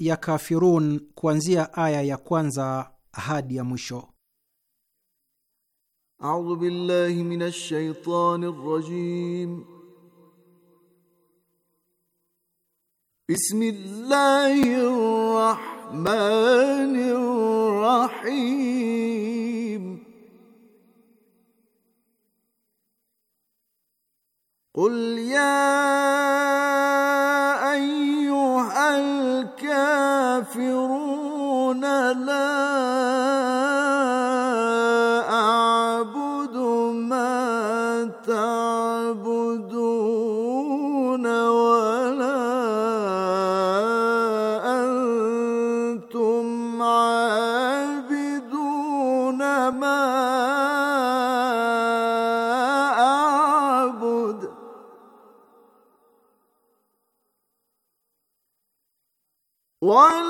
ya Kafirun kuanzia aya ya kwanza hadi ya mwisho. A'udhu billahi minash shaitani rajim. Bismillahir rahmanir rahim. Qul ya لا أعبد ما تعبدون ولا أنتم عابدون ما أعبد ولا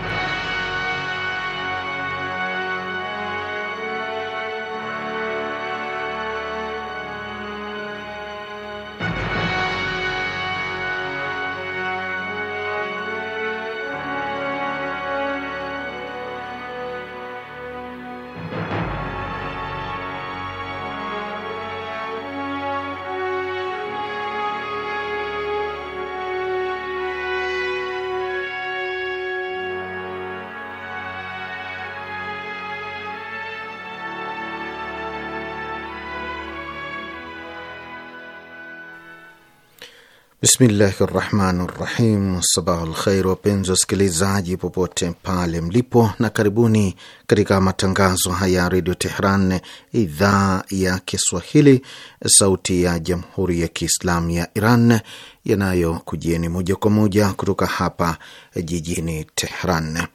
Bismillahi rahmani rahim. Sabah lkhair, wapenzi wasikilizaji popote pale mlipo, na karibuni katika matangazo haya ya redio Tehran, idhaa ya Kiswahili, sauti ya jamhuri ya Kiislamu ya Iran yanayokujieni moja kwa moja kutoka hapa jijini Tehran.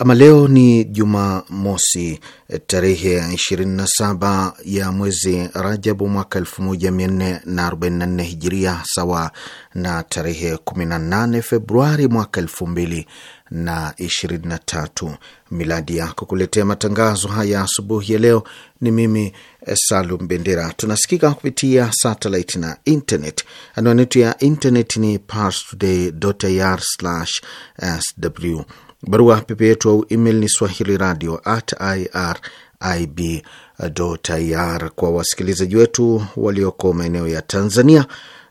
Ama leo ni Jumamosi tarehe 27 ya mwezi Rajabu mwaka 1444 Hijiria, sawa na tarehe 18 Februari mwaka 2023 Miladi. ya kukuletea matangazo haya asubuhi ya leo ni mimi eh, Salum Bendera. Tunasikika kupitia satellite na internet. Anwani yetu ya internet ni parstoday.ir/sw Barua pepe yetu au email ni swahili radio at irib Kwa wasikilizaji wetu walioko maeneo ya Tanzania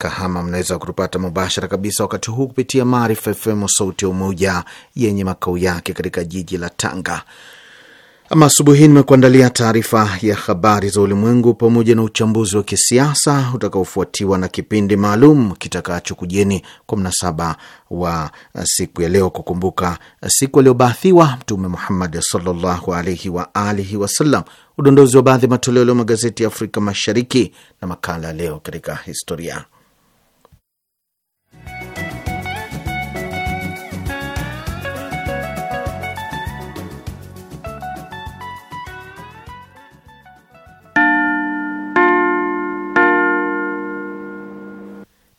Kahama. Mnaweza kutupata mubashara kabisa wakati huu kupitia Maarifa FM, sauti ya Umoja, yenye makao yake katika jiji la Tanga. Ama asubuhi hii nimekuandalia taarifa ya habari za ulimwengu pamoja na uchambuzi wa kisiasa utakaofuatiwa na kipindi maalum kitakachokujeni kwa mnasaba wa siku ya leo kukumbuka siku aliyobaathiwa Mtume Muhammad sallallahu alaihi wa alihi wasallam, udondozi wa baadhi ya matoleo leo magazeti ya Afrika Mashariki na makala leo katika historia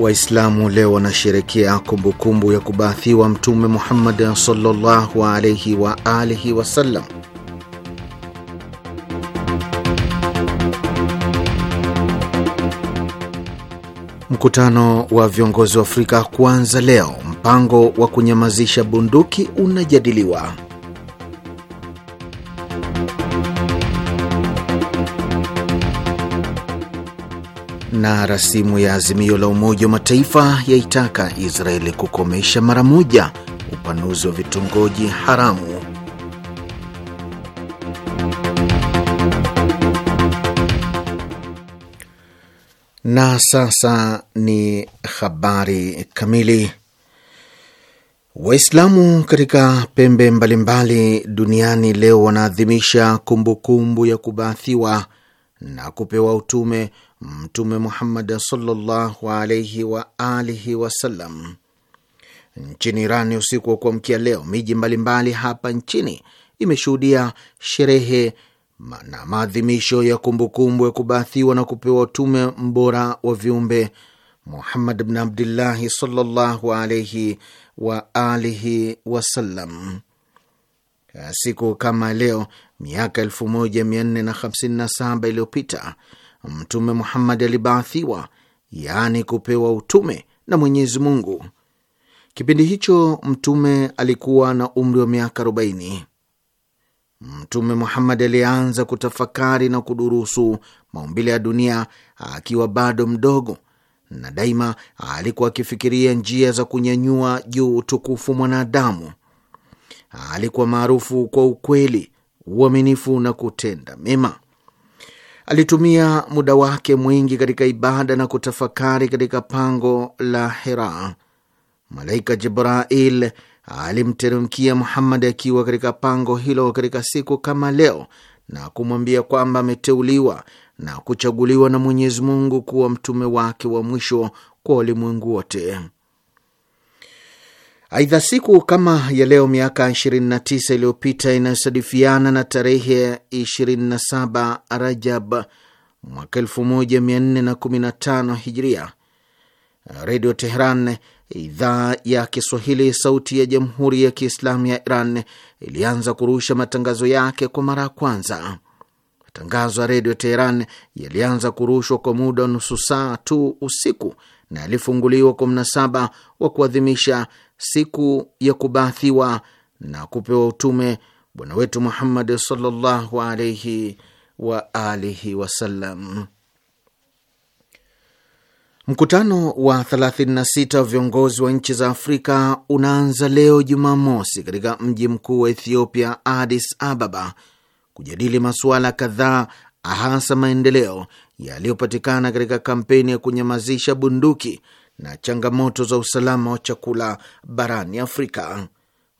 Waislamu leo wanasherekea kumbukumbu ya kubaathiwa Mtume Muhammad sallallahu alaihi wa alihi wasallam. Mkutano wa viongozi wa Afrika kuanza leo, mpango wa kunyamazisha bunduki unajadiliwa. Na rasimu ya azimio la Umoja wa Mataifa yaitaka Israeli kukomesha mara moja upanuzi wa vitongoji haramu. Na sasa ni habari kamili. Waislamu katika pembe mbalimbali duniani leo wanaadhimisha kumbukumbu ya kubaathiwa na kupewa utume Mtume Muhammad sallallahu alaihi wa alihi wasallam. Nchini Irani, usiku wa kuamkia leo, miji mbalimbali hapa nchini imeshuhudia sherehe na maadhimisho ya kumbukumbu ya kubaathiwa na kupewa utume mbora wa viumbe Muhammad bin Abdillahi sallallahu alaihi wa alihi wasallam. Siku kama leo miaka 1457 iliyopita Mtume Muhammad alibaathiwa, yaani kupewa utume na Mwenyezi Mungu. Kipindi hicho Mtume alikuwa na umri wa miaka 40 Mtume Muhammad alianza kutafakari na kudurusu maumbile ya dunia akiwa bado mdogo, na daima alikuwa akifikiria njia za kunyanyua juu utukufu mwanadamu. Alikuwa maarufu kwa ukweli, uaminifu na kutenda mema alitumia muda wake mwingi katika ibada na kutafakari katika pango la Hira. Malaika Jibrail alimteremkia Muhammad akiwa katika pango hilo katika siku kama leo na kumwambia kwamba ameteuliwa na kuchaguliwa na Mwenyezi Mungu kuwa mtume wake wa mwisho kwa walimwengu wote. Aidha, siku kama ya leo miaka 29 iliyopita inayosadifiana na tarehe ya 27 Rajab mwaka 1415 Hijria, Redio Teheran idhaa ya Kiswahili, sauti ya jamhuri ya Kiislamu ya Iran ilianza kurusha matangazo yake kwa mara ya kwanza. Matangazo ya Redio Teheran yalianza kurushwa kwa muda wa nusu saa tu usiku na yalifunguliwa kwa mnasaba wa kuadhimisha siku ya kubaathiwa na kupewa utume Bwana wetu Muhammad sallallahu alaihi wa alihi wasallam. Mkutano wa 36 wa viongozi wa nchi za Afrika unaanza leo Jumamosi katika mji mkuu wa Ethiopia, Addis Ababa, kujadili masuala kadhaa, hasa maendeleo yaliyopatikana katika kampeni ya kunyamazisha bunduki na changamoto za usalama wa chakula barani Afrika.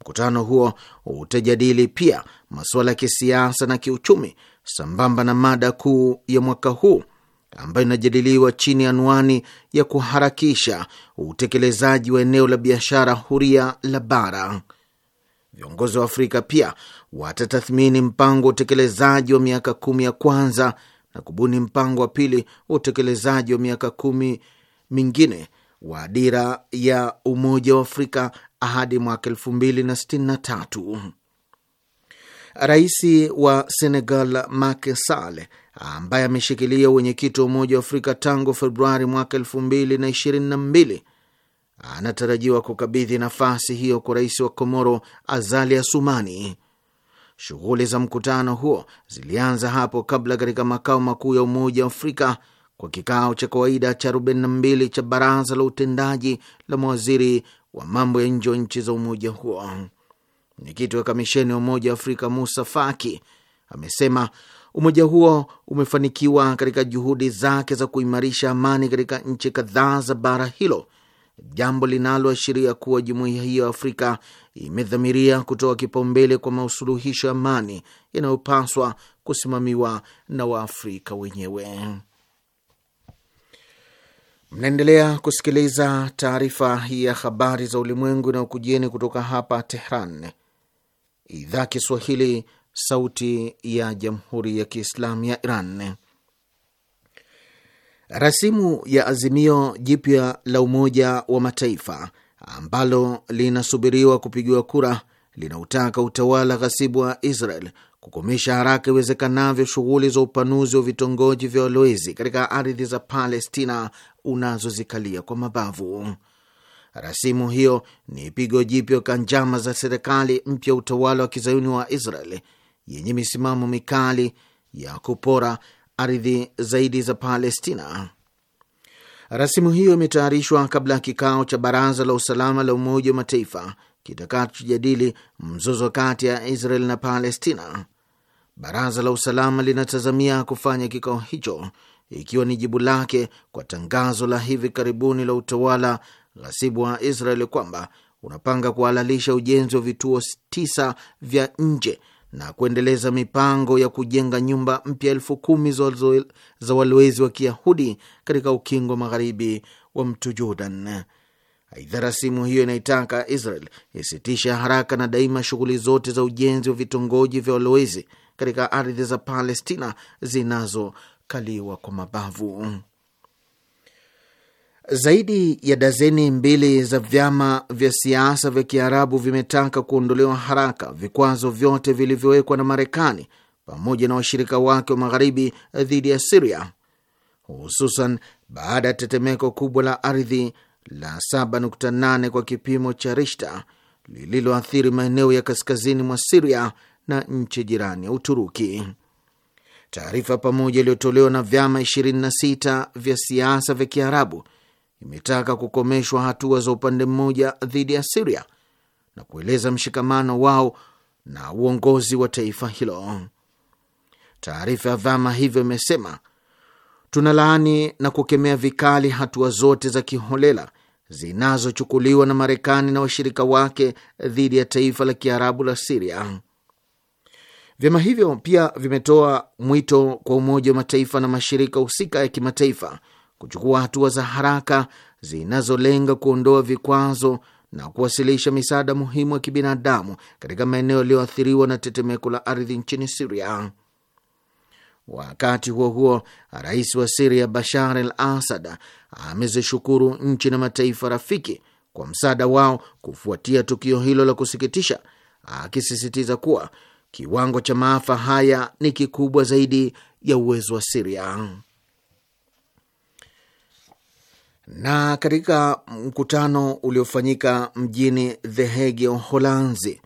Mkutano huo utajadili pia masuala ya kisiasa na kiuchumi sambamba na mada kuu ya mwaka huu ambayo inajadiliwa chini ya anwani ya kuharakisha utekelezaji wa eneo la biashara huria la bara. Viongozi wa Afrika pia watatathmini mpango wa utekelezaji wa miaka kumi ya kwanza na kubuni mpango wa pili wa utekelezaji wa miaka kumi mingine wa dira ya Umoja wa Afrika hadi mwaka elfu mbili na sitini na tatu. Rais wa Senegal Macky Sall ambaye ameshikilia wenyekiti wa Umoja wa Afrika tangu Februari mwaka elfu mbili na ishirini na mbili anatarajiwa kukabidhi nafasi hiyo kwa rais wa Komoro Azali Asumani. Shughuli za mkutano huo zilianza hapo kabla katika makao makuu ya Umoja wa Afrika kwa kikao cha kawaida cha 42 cha baraza la utendaji la mawaziri wa mambo ya nje wa nchi za umoja huo. Mwenyekiti wa kamisheni ya Umoja wa Afrika Musa Faki amesema umoja huo umefanikiwa katika juhudi zake za kuimarisha amani katika nchi kadhaa za bara hilo, jambo linaloashiria kuwa jumuiya hiyo ya Afrika imedhamiria kutoa kipaumbele kwa masuluhisho ya amani yanayopaswa kusimamiwa na Waafrika wenyewe. Mnaendelea kusikiliza taarifa hii ya habari za ulimwengu na ukujieni kutoka hapa Tehran, idhaa Kiswahili, sauti ya jamhuri ya kiislamu ya Iran. Rasimu ya azimio jipya la Umoja wa Mataifa ambalo linasubiriwa kupigiwa kura linautaka utawala ghasibu wa Israel kukomesha haraka iwezekanavyo shughuli za upanuzi wa vitongoji vya walowezi katika ardhi za Palestina unazozikalia kwa mabavu. Rasimu hiyo ni pigo jipya kwa njama za serikali mpya, utawala wa kizayuni wa Israel yenye misimamo mikali ya kupora ardhi zaidi za Palestina. Rasimu hiyo imetayarishwa kabla ya kikao cha Baraza la Usalama la Umoja wa Mataifa kitakachojadili mzozo kati ya Israel na Palestina. Baraza la usalama linatazamia kufanya kikao hicho ikiwa ni jibu lake kwa tangazo la hivi karibuni la utawala ghasibu wa israel kwamba unapanga kuhalalisha ujenzi wa vituo tisa vya nje na kuendeleza mipango ya kujenga nyumba mpya elfu kumi za walowezi wa Kiyahudi katika ukingo magharibi wa mtu Jordan. Aidha, rasimu hiyo inaitaka Israel isitishe haraka na daima shughuli zote za ujenzi wa vitongoji vya walowezi katika ardhi za Palestina zinazokaliwa kwa mabavu. Zaidi ya dazeni mbili za vyama vya siasa vya Kiarabu vimetaka kuondolewa haraka vikwazo vyote vilivyowekwa na Marekani pamoja na washirika wake wa magharibi dhidi ya Siria, hususan baada ya tetemeko kubwa la ardhi la 7.8 kwa kipimo cha Rishta lililoathiri maeneo ya kaskazini mwa Siria na nchi jirani ya Uturuki. Taarifa pamoja iliyotolewa na vyama 26 vya siasa vya Kiarabu imetaka kukomeshwa hatua za upande mmoja dhidi ya Siria na kueleza mshikamano wao na uongozi wa taifa hilo. Taarifa ya vyama hivyo imesema, tunalaani na kukemea vikali hatua zote za kiholela zinazochukuliwa na Marekani na washirika wake dhidi ya taifa la Kiarabu la Siria. Vyama hivyo pia vimetoa mwito kwa Umoja wa Mataifa na mashirika husika ya kimataifa kuchukua hatua za haraka zinazolenga kuondoa vikwazo na kuwasilisha misaada muhimu ya kibinadamu katika maeneo yaliyoathiriwa na tetemeko la ardhi nchini Siria. Wakati huo huo, rais wa Siria Bashar al Asad amezishukuru nchi na mataifa rafiki kwa msaada wao kufuatia tukio hilo la kusikitisha, akisisitiza kuwa kiwango cha maafa haya ni kikubwa zaidi ya uwezo wa Siria. Na katika mkutano uliofanyika mjini The Hague Uholanzi,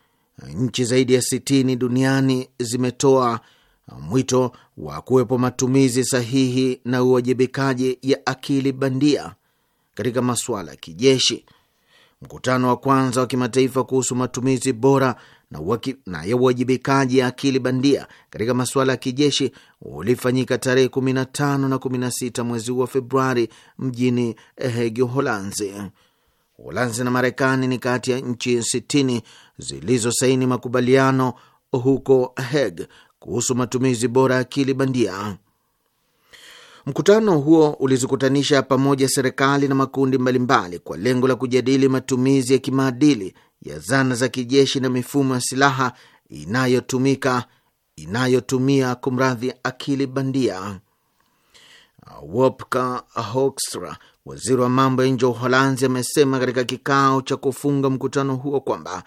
nchi zaidi ya 60 duniani zimetoa mwito wa kuwepo matumizi sahihi na uwajibikaji ya akili bandia katika masuala ya kijeshi. Mkutano wa kwanza wa kimataifa kuhusu matumizi bora na ya uwajibikaji ya akili bandia katika masuala ya kijeshi ulifanyika tarehe 15 na 16 mwezi huu wa Februari mjini Hegi, Holanzi. Holanzi na Marekani ni kati ya nchi 60 zilizosaini makubaliano huko Heg kuhusu matumizi bora ya akili bandia. Mkutano huo ulizikutanisha pamoja serikali na makundi mbalimbali kwa lengo la kujadili matumizi ya kimaadili ya zana za kijeshi na mifumo ya silaha inayotumika inayotumia kumradhi akili bandia. Wopke Hoekstra, waziri wa mambo ya nje wa Uholanzi, amesema katika kikao cha kufunga mkutano huo kwamba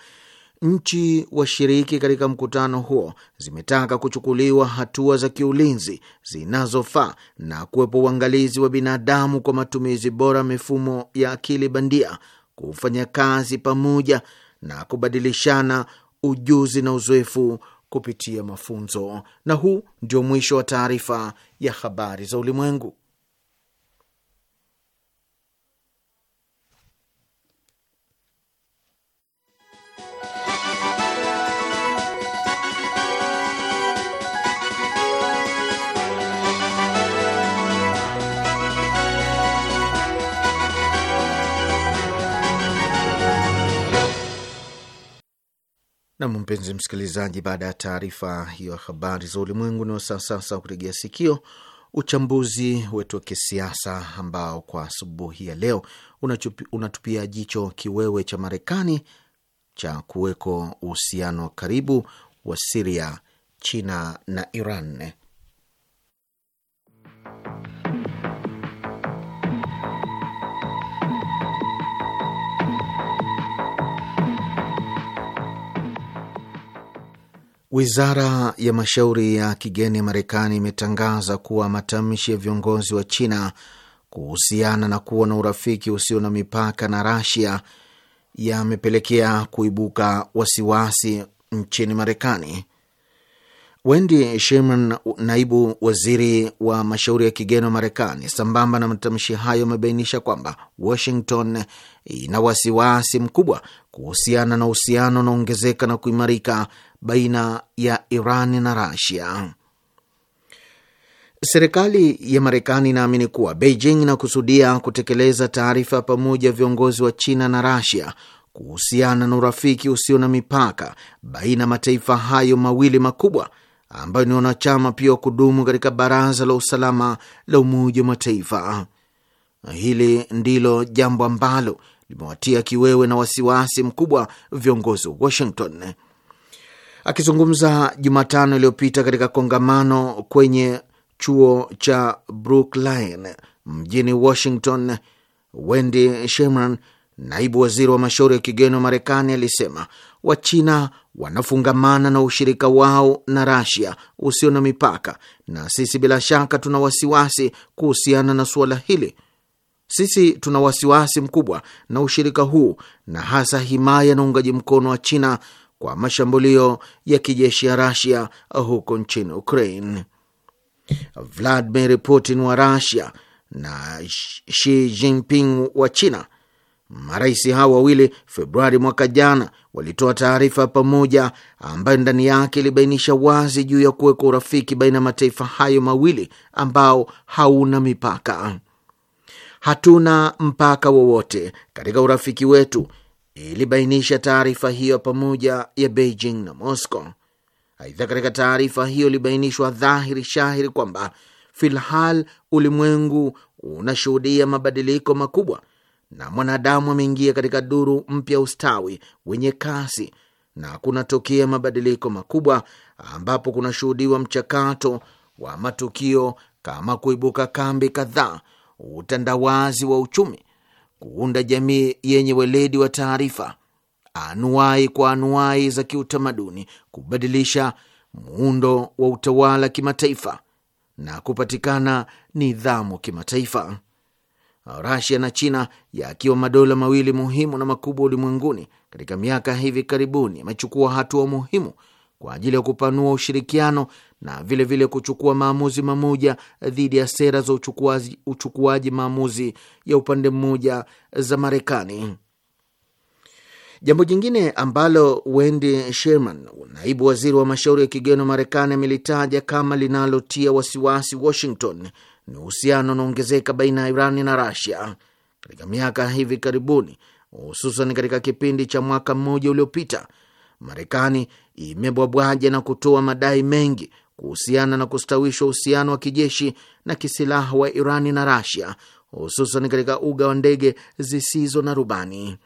nchi washiriki katika mkutano huo zimetaka kuchukuliwa hatua za kiulinzi zinazofaa na kuwepo uangalizi wa binadamu kwa matumizi bora mifumo ya akili bandia kufanya kazi pamoja na kubadilishana ujuzi na uzoefu kupitia mafunzo. Na huu ndio mwisho wa taarifa ya habari za ulimwengu. Nam, mpenzi msikilizaji, baada ya taarifa hiyo habari za ulimwengu, na sasasa kutegea sikio uchambuzi wetu wa kisiasa ambao kwa asubuhi ya leo unatupia jicho kiwewe cha Marekani cha kuweko uhusiano wa karibu wa Siria, China na Iran. Wizara ya mashauri ya kigeni ya Marekani imetangaza kuwa matamshi ya viongozi wa China kuhusiana na kuwa na urafiki usio na mipaka na Rasia yamepelekea kuibuka wasiwasi nchini Marekani. Wendy Sherman, naibu waziri wa mashauri ya kigeni wa Marekani, sambamba na matamshi hayo, amebainisha kwamba Washington ina wasiwasi mkubwa kuhusiana na uhusiano unaongezeka na kuimarika baina ya Iran na Rasia. Serikali ya Marekani inaamini kuwa Beijing inakusudia kutekeleza taarifa pamoja viongozi wa China na Rasia kuhusiana na urafiki usio na mipaka baina ya mataifa hayo mawili makubwa ambayo ni wanachama pia wa kudumu katika Baraza la Usalama la Umoja wa Mataifa. Hili ndilo jambo ambalo limewatia kiwewe na wasiwasi mkubwa viongozi wa Washington. Akizungumza Jumatano iliyopita katika kongamano kwenye chuo cha Brookline mjini Washington, Wendy Sherman, naibu waziri wa mashauri ya kigeni wa Marekani, alisema Wachina wanafungamana na ushirika wao na Rasia usio na mipaka, na sisi bila shaka tuna wasiwasi kuhusiana na suala hili. Sisi tuna wasiwasi mkubwa na ushirika huu na hasa himaya na uungaji mkono wa China kwa mashambulio ya kijeshi ya Rasia huko nchini Ukraine. Vladimir Putin wa Rasia na Xi Jinping wa China, marais hao wawili Februari mwaka jana walitoa taarifa pamoja ambayo ndani yake ilibainisha wazi juu ya kuweka urafiki baina ya mataifa hayo mawili ambao hauna mipaka. Hatuna mpaka wowote katika urafiki wetu, ilibainisha taarifa hiyo pamoja ya Beijing na Moscow. Aidha, katika taarifa hiyo ilibainishwa dhahiri shahiri kwamba filhal ulimwengu unashuhudia mabadiliko makubwa na mwanadamu ameingia katika duru mpya ustawi wenye kasi na kunatokea mabadiliko makubwa ambapo kunashuhudiwa mchakato wa matukio kama kuibuka kambi kadhaa, utandawazi wa uchumi kuunda jamii yenye weledi wa taarifa, anuai kwa anuai za kiutamaduni, kubadilisha muundo wa utawala kimataifa na kupatikana nidhamu kimataifa. Rasia na China yakiwa madola mawili muhimu na makubwa ulimwenguni, katika miaka hivi karibuni yamechukua hatua muhimu kwa ajili ya kupanua ushirikiano na vilevile vile kuchukua maamuzi mamoja dhidi ya sera za uchukuaji, uchukuaji maamuzi ya upande mmoja za Marekani. Jambo jingine ambalo Wendy Sherman, naibu waziri wa mashauri ya kigeni wa Marekani, amelitaja kama linalotia wasiwasi Washington ni uhusiano unaongezeka baina ya Irani na Rasia katika miaka hivi karibuni, hususan katika kipindi cha mwaka mmoja uliopita. Marekani imebwabwaja na kutoa madai mengi kuhusiana na kustawishwa uhusiano wa kijeshi na kisilaha wa Irani na Rasia, hususan katika uga wa ndege zisizo na rubani.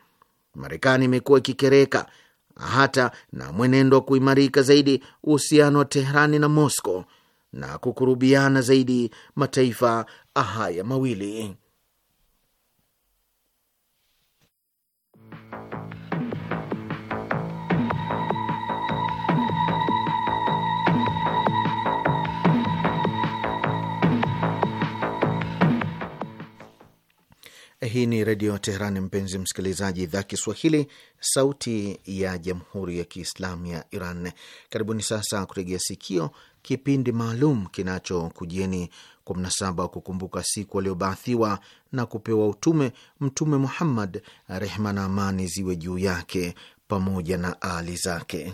Marekani imekuwa ikikereka hata na mwenendo wa kuimarika zaidi uhusiano wa Teherani na Moscow na kukurubiana zaidi mataifa haya mawili. Hii ni Redio Teheran, mpenzi msikilizaji, idhaa Kiswahili, sauti ya jamhuri ya kiislamu ya Iran. Karibuni sasa kutegea sikio kipindi maalum kinachokujieni kwa mnasaba wa kukumbuka siku aliyobaathiwa na kupewa utume Mtume Muhammad, rehma na amani ziwe juu yake pamoja na ali zake.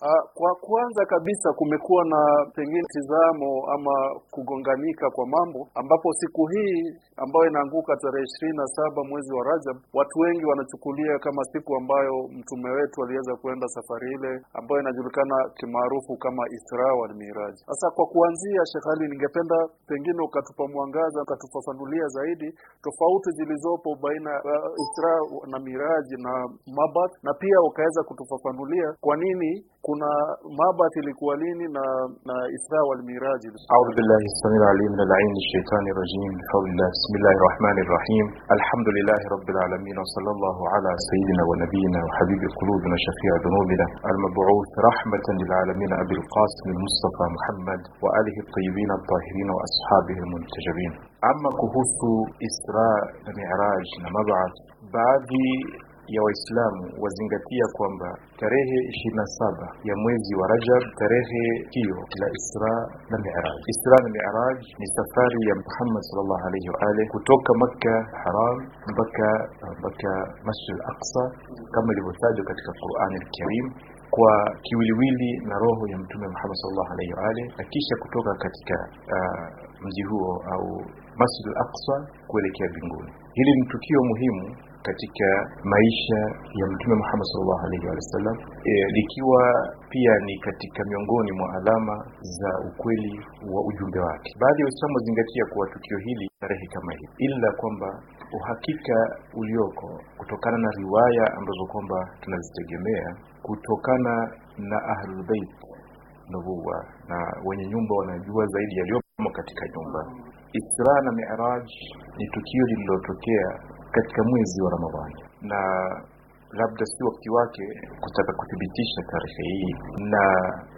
Ah, kwa kwanza kabisa, kumekuwa na pengine tizamo ama kugonganika kwa mambo, ambapo siku hii ambayo inaanguka tarehe ishirini na saba mwezi wa Rajab, watu wengi wanachukulia kama siku ambayo mtume wetu aliweza kuenda safari ile ambayo inajulikana kimaarufu kama Isra wal Miraj. Sasa kwa kuanzia, Sheikh Ali, ningependa pengine ukatupa mwangaza, ukatufafanulia zaidi tofauti zilizopo baina ya uh, Isra na Miraji na mabath na pia ukaweza kutufafanulia kwa nini kuna mabati ilikuwa lini na na Isra wal Miraj? A'udhu billahi samil alim min al'in ash-shaytanir rajim bismillah bismillahir rahmanir rahim alhamdulillahi rabbil alamin wa sallallahu ala sayyidina wa nabiyyina wa habibi qulubina shafi'a dhunubina al mabuuth rahmatan lil alamin abi al-qasim al-mustafa Muhammad wa alihi at-tayyibin at-tahirin wa ashabihi al-muntajabin. Amma kuhusu Isra na Miraj na mab'ath baadhi ya Waislamu wazingatia kwamba tarehe 27 ya mwezi wa Rajab, tarehe hiyo la Isra na Miraj. Isra na Miraj ni safari ya Muhammad sallallahu alayhi wa alihi kutoka Makka haram mpaka mpaka Masjid al-Aqsa kama ilivyotajwa katika Qur'an al-Karim kwa kiwiliwili na roho ya Mtume Muhammad sallallahu alayhi wa alihi, na kisha kutoka katika uh, mji huo au Masjid al-Aqsa kuelekea mbinguni. Hili ni tukio muhimu katika maisha ya Mtume Muhammad sallallahu alaihi wasallam e, likiwa pia ni katika miongoni mwa alama za ukweli wa ujumbe wake. Baadhi ya Waislamu wazingatia kuwa tukio hili tarehe kama hii, ila kwamba uhakika ulioko kutokana na riwaya ambazo kwamba tunazitegemea kutokana na Ahlul Bait nubuwa na wenye nyumba wanajua zaidi yaliyomo katika nyumba. Isra na Miraj ni tukio lililotokea katika mwezi wa Ramadhani na labda si wakati wake kutaka kuthibitisha tarehe hii na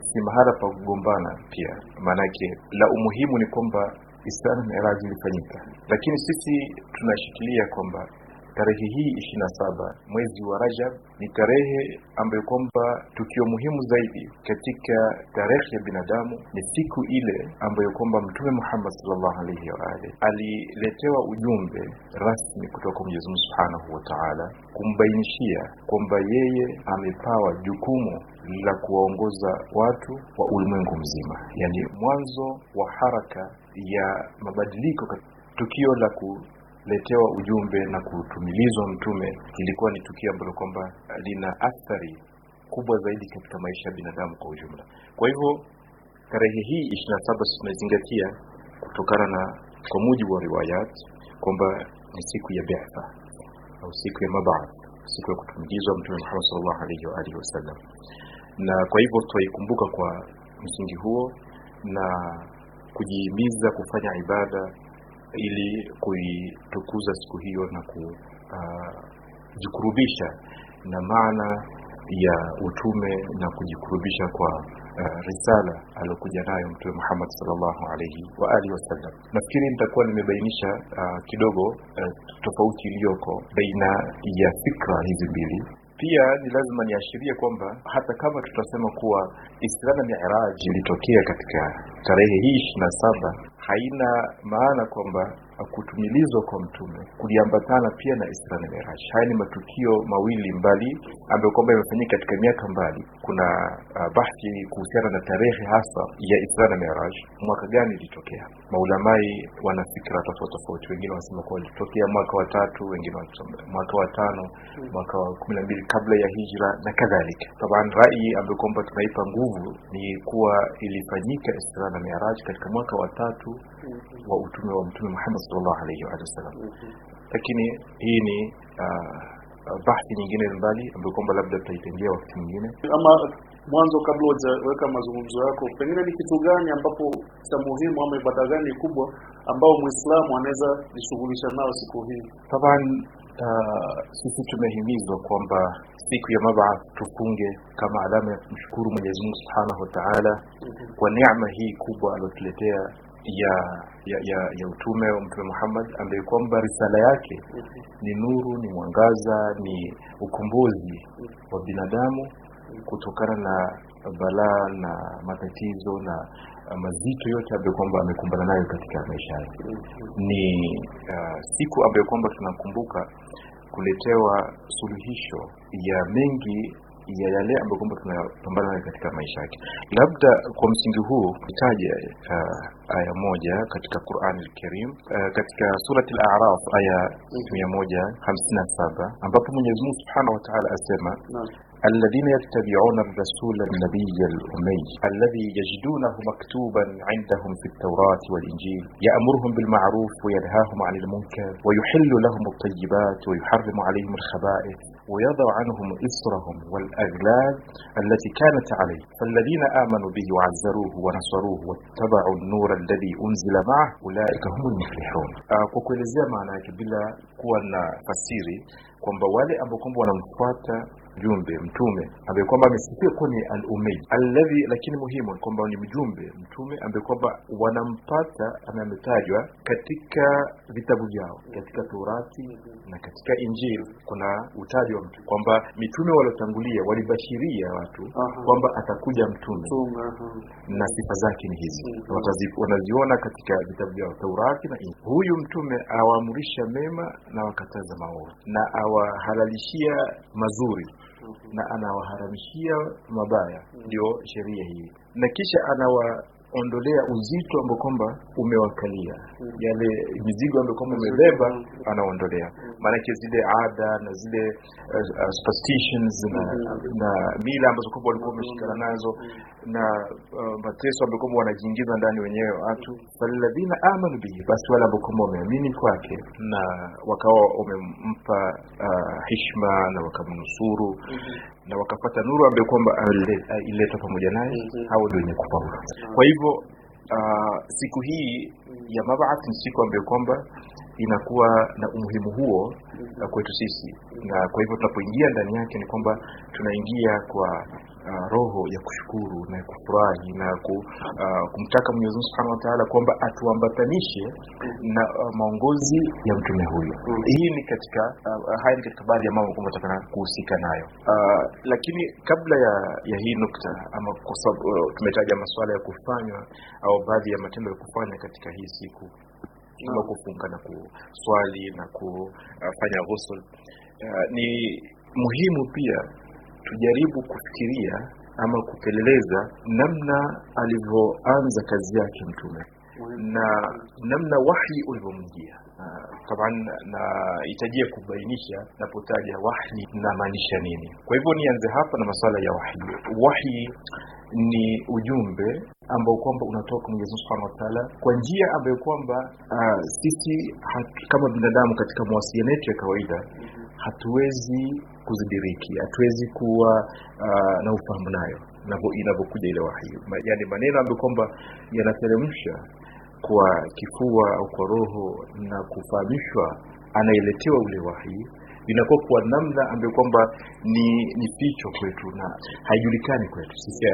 si mahala pa kugombana pia. Maanake la umuhimu ni kwamba Isra na Miraji ilifanyika, lakini sisi tunashikilia kwamba Tarehe hii ishirini na saba mwezi wa Rajab ni tarehe ambayo kwamba tukio muhimu zaidi katika tarehe ya binadamu ni siku ile ambayo kwamba Mtume Muhammad sallallahu alaihi wa alihi aliletewa ujumbe rasmi kutoka kwa Mwenyezi Mungu Subhanahu wa Ta'ala kumbainishia kwamba yeye amepawa jukumu la kuwaongoza watu wa ulimwengu mzima, yani mwanzo wa haraka ya mabadiliko tukio la ku letewa ujumbe na kutumilizwa mtume ilikuwa ni tukio ambalo kwamba eh, lina athari kubwa zaidi katika maisha ya binadamu kwa ujumla. Kwa hivyo tarehe hii ishirini saba tunazingatia kutokana na kwa mujibu wa riwayat kwamba ni siku ya bitha au siku ya Mabath, siku ya kutumilizwa Mtume Muhammad sallallahu alaihi wa alihi wasallam, na kwa hivyo tutaikumbuka kwa msingi huo na kujihimiza kufanya ibada ili kuitukuza siku hiyo na uh, kujikurubisha na maana ya utume na kujikurubisha kwa uh, risala aliyokuja nayo Mtume Muhammad sallallahu alaihi wa alihi wasallam. Nafikiri nitakuwa nimebainisha uh, kidogo uh, tofauti iliyoko baina ya fikra hizi mbili pia ni lazima niashirie kwamba hata kama tutasema kuwa Isra na Miraj ilitokea katika tarehe hii ishirini na saba, haina maana kwamba kutumilizwa kwa mtume kuliambatana pia na Isra na Miraj. Haya ni matukio mawili mbali ambayo kwamba yamefanyika katika miaka mbali. Kuna uh, bahthi kuhusiana na tarehe hasa ya Isra na Miraj, mwaka gani ilitokea maulamai wana fikra tofauti tofauti, wengine wanasema kuwa walitokea mwaka wa tatu, wengine mwaka wa tano, mwaka wa kumi na mbili kabla ya hijra na kadhalika. Taban, rai ambayo kwamba tunaipa nguvu ni kuwa ilifanyika Isra na Mi'raj katika mwaka wa tatu wa utume wa Mtume Muhammad sallallahu alaihi wa sallam, lakini hii ni ah, bahthi nyingine mbali ambayo kwamba labda tutaitengea wakati mwingine mwanzo kabla hujaweka mazungumzo yako, pengine ni kitu gani ambapo cha muhimu ama ibada gani kubwa ambao Muislamu anaweza jishughulisha nao siku hii? Taban uh, sisi tumehimizwa kwamba siku ya Mabath tufunge kama alama ya kumshukuru Mwenyezi Mungu Subhanahu wa Ta'ala mm-hmm. kwa neema hii kubwa aliyotuletea ya ya ya, ya utume wa Mtume Muhammad ambaye kwamba risala yake mm-hmm. ni nuru, ni mwangaza, ni ukombozi mm-hmm. wa binadamu kutokana na balaa na matatizo na mazito yote ambayo kwamba amekumbana nayo katika maisha yake. Ni uh, siku ambayo kwamba tunakumbuka kuletewa suluhisho ya mengi ya yale ambayo kwamba tunapambana nayo katika maisha yake. Labda kwa msingi huu nitaje uh, aya moja katika Qur'an al-Karim uh, katika surati al-A'raf aya 157 mm. ambapo Mwenyezi Mungu Subhanahu wa Ta'ala asema no. الذين يتبعون الرسول النبي الأمي الذي يجدونه مكتوبا عندهم في التوراة والإنجيل يأمرهم بالمعروف وينهاهم عن المنكر ويحل لهم الطيبات ويحرم عليهم الخبائث ويضع عنهم اسرهم والأغلال التي كانت عليه فالذين آمنوا به وعزروه ونصروه واتبعوا النور الذي أنزل معه أولئك هم المفلحون وكل maana yake bila فسيري kwamba wale ambao kwamba wanamfuata mjumbe mtume ambaye kwamba amesifia kuwa ni al-ummi alladhi, lakini muhimu kwamba ni mjumbe mtume ambaye kwamba wanampata na ametajwa katika vitabu vyao, katika Torati na katika Injili kuna utaji wa mtu kwamba mitume waliotangulia walibashiria watu kwamba atakuja mtume na sifa zake ni hizi, wanaziona katika vitabu vyao Taurati na Injili. Huyu mtume awaamrisha mema na wakataza maovu na awahalalishia mazuri na anawaharamishia mabaya, ndio sheria hii, na kisha anawa ondolea uzito ambao kwamba umewakalia yale mizigo ambayo kwamba umebeba anaondolea maanake zile ada na zile uh, uh, superstitions na, na mila ambazo kwamba walikuwa wameshikana nazo na uh, mateso ambayo kwamba wanajiingiza ndani wenyewe watu faladhina amanu bihi basi wale ambao kwamba wameamini kwake na wakawa wamempa uh, hishma na wakamnusuru na wakapata nuru ambayo kwamba ileta pamoja naye hao ndio wenye kufaulu kwa hivyo hivyo uh, siku hii ya mabath ni siku ambayo kwamba inakuwa na umuhimu huo kwetu sisi na kwa hivyo tunapoingia ndani yake ni kwamba tunaingia kwa Uh, roho ya kushukuru na ya kufurahi na ku, uh, kumtaka Mwenyezi Mungu Subhanahu wa Ta'ala kwamba atuambatanishe na uh, maongozi ya mtume huyo mm. Hii ni katika uh, uh haya ni katika baadhi ya mambo kwamba tutakana kuhusika nayo uh, lakini kabla ya, ya hii nukta ama kwa sababu uh, tumetaja masuala ya kufanywa au baadhi ya matendo ya kufanya katika hii siku mm. kama kufunga na kuswali na kufanya ghusl. Uh, ni muhimu pia tujaribu kufikiria ama kupeleleza namna alivyoanza kazi yake mtume na namna wahi ulivyomjia taban nahitajia kubainisha napotaja wahi namaanisha nini kwa hivyo nianze hapa na maswala ya wahi wahi ni ujumbe ambao kwamba unatoka kwa mungu subhanahu wataala kwa njia ambayo kwamba uh, sisi kama binadamu katika mawasiliano yetu ya kawaida hatuwezi kuzidiriki, hatuwezi kuwa uh, na ufahamu nayo inavyokuja ile wahi, yani maneno ambayo kwamba yanateremsha kwa kifua au kwa roho na kufahamishwa, anaeletewa ule wahi inakuwa kwa namna ambayo kwamba ni ni ficho kwetu na haijulikani kwetu sisi.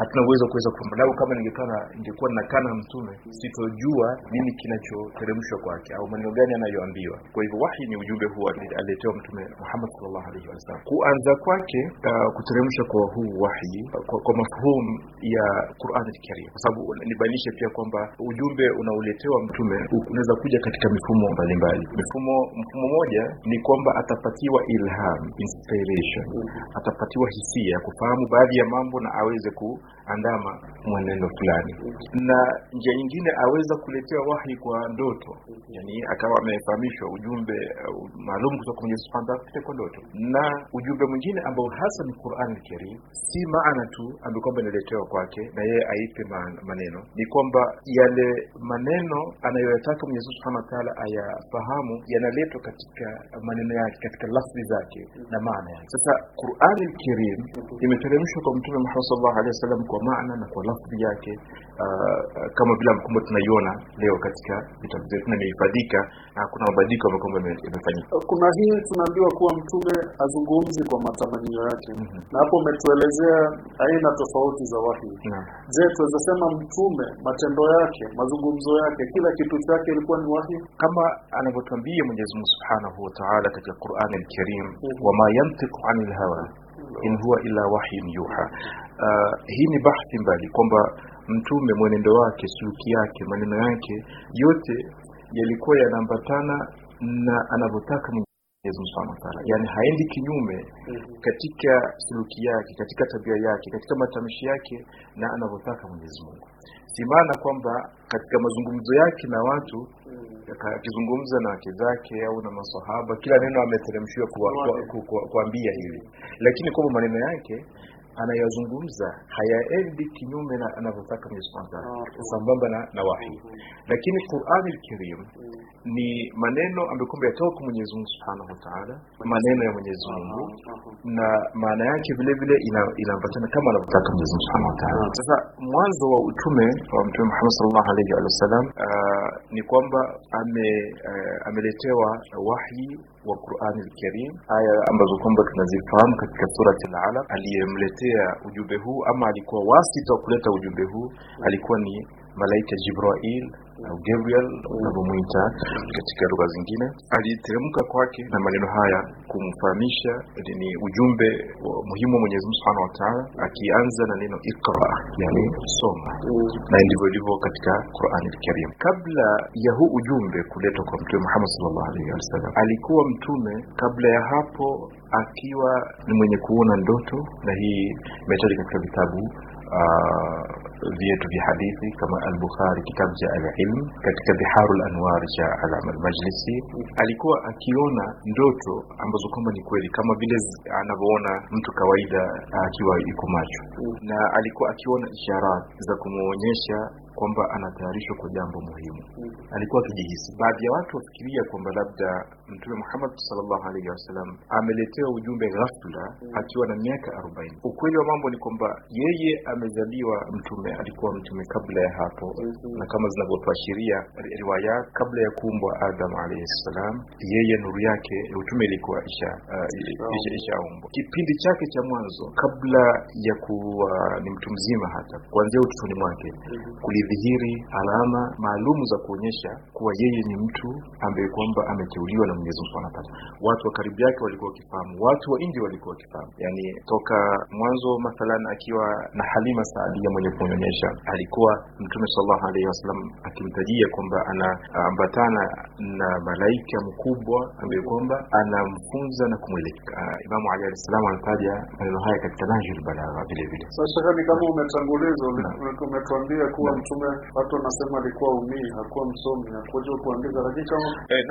Hatuna uwezo kuweza kufahamu. Kama ningekana ningekuwa nakaa na Mtume, sitojua nini kinachoteremshwa kwake au maneno gani anayoambiwa. Kwa hivyo wahi ni ujumbe huu aliletewa Mtume Muhammad sallallahu alaihi wasallam. Kuanza kwake uh, kuteremsha kwa huu wahi kwa, kwa mafhumu ya Qur'an al-Karim, kwa sababu nibainishe pia kwamba ujumbe unaoletewa mtume unaweza kuja katika mifumo mbalimbali mbali. Mifumo mfumo moja ni kwamba ata atapatiwa ilham inspiration, mm-hmm. atapatiwa hisia ya kufahamu baadhi ya mambo na aweze ku andama mwenendo fulani, na njia nyingine aweza kuletea wahi kwa ndoto, yani akawa amefahamishwa ujumbe uh, maalum kutoka Mwenyezi Subhanahu kupitia kwa ndoto, na ujumbe mwingine ambao hasa ni Qur'an Karim, si maana tu ambayo kwamba inaletewa kwake na yeye aipe maneno, ni kwamba yale maneno anayoyataka Mwenyezi Subhanahu wa Ta'ala ayafahamu yanaletwa katika maneno yake, katika lafzi zake na maana yake. Sasa Qur'an Karim imeteremshwa kwa Mtume Muhammad sallallahu alaihi wasallam kwa maana na kwa lafdhi yake uh, kama vile ambavyo tunaiona leo katika vitabu zetu na imehifadhika na kuna mabadiliko ambayo kwamba yamefanyika. Uh, kuna hii tunaambiwa kuwa mtume azungumzi kwa matamanio yake mm -hmm. na hapo umetuelezea aina tofauti za wahi mm -hmm. Je, tuweza sema mtume matendo yake, mazungumzo yake, kila kitu chake ilikuwa ni wahi kama anavyotuambia Mwenyezi Mungu Subhanahu wa Ta'ala katika Qur'an al-Karim, mm -hmm. wama yantiqu anil hawa in huwa illa wahyun yuha. Uh, hii ni bahthi mbali kwamba mtume mwenendo wake, suluki yake, maneno yake yote yalikuwa yanaambatana na anavyotaka Mwenyezi Mungu Subhanahu wa Ta'ala, haendi kinyume mhm. katika suluki yake, katika tabia yake, katika matamshi yake na anavyotaka Mwenyezi Mungu. Si maana kwamba katika mazungumzo yake na watu mhm. akizungumza na wake zake au na maswahaba, kila neno ameteremshiwa kuambia hili, lakini kwamba maneno yake anayazungumza hayaendi kinyume na anavyotaka Mwenyezi Mungu sambamba na, na wahi, lakini Qur'an al-Karim ni maneno ambayo kumbe yatoka Mwenyezi Mungu Subhanahu wa Ta'ala, maneno ya Mwenyezi Mungu na maana yake vile vile inaambatana kama anavyotaka Mwenyezi Mungu Subhanahu wa Ta'ala. Sasa mwanzo wa utume wa Mtume Muhammad sallallahu alaihi wasallam uh, ah, ni kwamba ame uh, ameletewa wahyi wa Qur'an al-Karim, aya ambazo kwamba tunazifahamu katika surati al Aliyemletea ujumbe huu ama alikuwa wasita wa kuleta ujumbe huu alikuwa ni malaika Jibrail Gabriel unavyomwita katika lugha zingine, aliteremka kwake na maneno haya kumfahamisha ni ujumbe muhimu wa Mwenyezi Mungu Subhanahu wa Ta'ala, akianza na neno iqra, yani soma mm. na ndivyo ilivyo katika Qur'an al-Karim. Kabla ya huu ujumbe kuletwa kwa Mtume Muhammad sallallahu alaihi wasallam, alikuwa mtume kabla ya hapo akiwa ni mwenye kuona ndoto, na hii imetajwa katika vitabu Uh, vyetu vya hadithi kama Al-Bukhari kitabu cha Al-Ilm, katika Biharul Anwar cha Alama Al-Majlisi alikuwa akiona ndoto ambazo kwamba ni kweli kama vile anavyoona mtu kawaida uh, akiwa iko macho, na alikuwa akiona ishara za kumwonyesha kwamba anatayarishwa kwa jambo muhimu. Alikuwa akijihisi, baadhi ya watu wafikiria kwamba labda Mtume Muhammad sallallahu alaihi wasallam ameletewa ujumbe ghafla akiwa na miaka arobaini. Ukweli wa mambo ni kwamba yeye amezaliwa, mtume alikuwa mtume kabla ya hapo, na kama zinavyotuashiria riwaya, kabla ya kuumbwa Adam alaihi salam, yeye nuru yake utume ilikuwa uh, ishaumbwa. Kipindi chake cha mwanzo kabla ya kuwa ni mtu mzima, hata kuanzia utotoni mwake kulidhihiri alama maalumu za kuonyesha kuwa yeye ni mtu ambaye kwamba ameteuliwa na wa Mwenyezi Mungu Subhanahu wa Ta'ala. Watu wa karibu yake walikuwa wakifahamu, watu wa nje walikuwa wakifahamu. Yaani toka mwanzo mathalan, akiwa na Halima Saadia mwenye kumnyonyesha, alikuwa Mtume sallallahu alaihi wasallam akimtajia kwamba anaambatana na malaika mkubwa ambaye kwamba anamfunza na kumwelekea. Imamu Ali alayhi salaam anataja maneno haya katika Nahjul Balagha vile vile. Sasa kama kama umetangulizo umetuambia kuwa Mtume watu wanasema alikuwa umii, hakuwa msomi, hakuja kuandika lakini kama eh,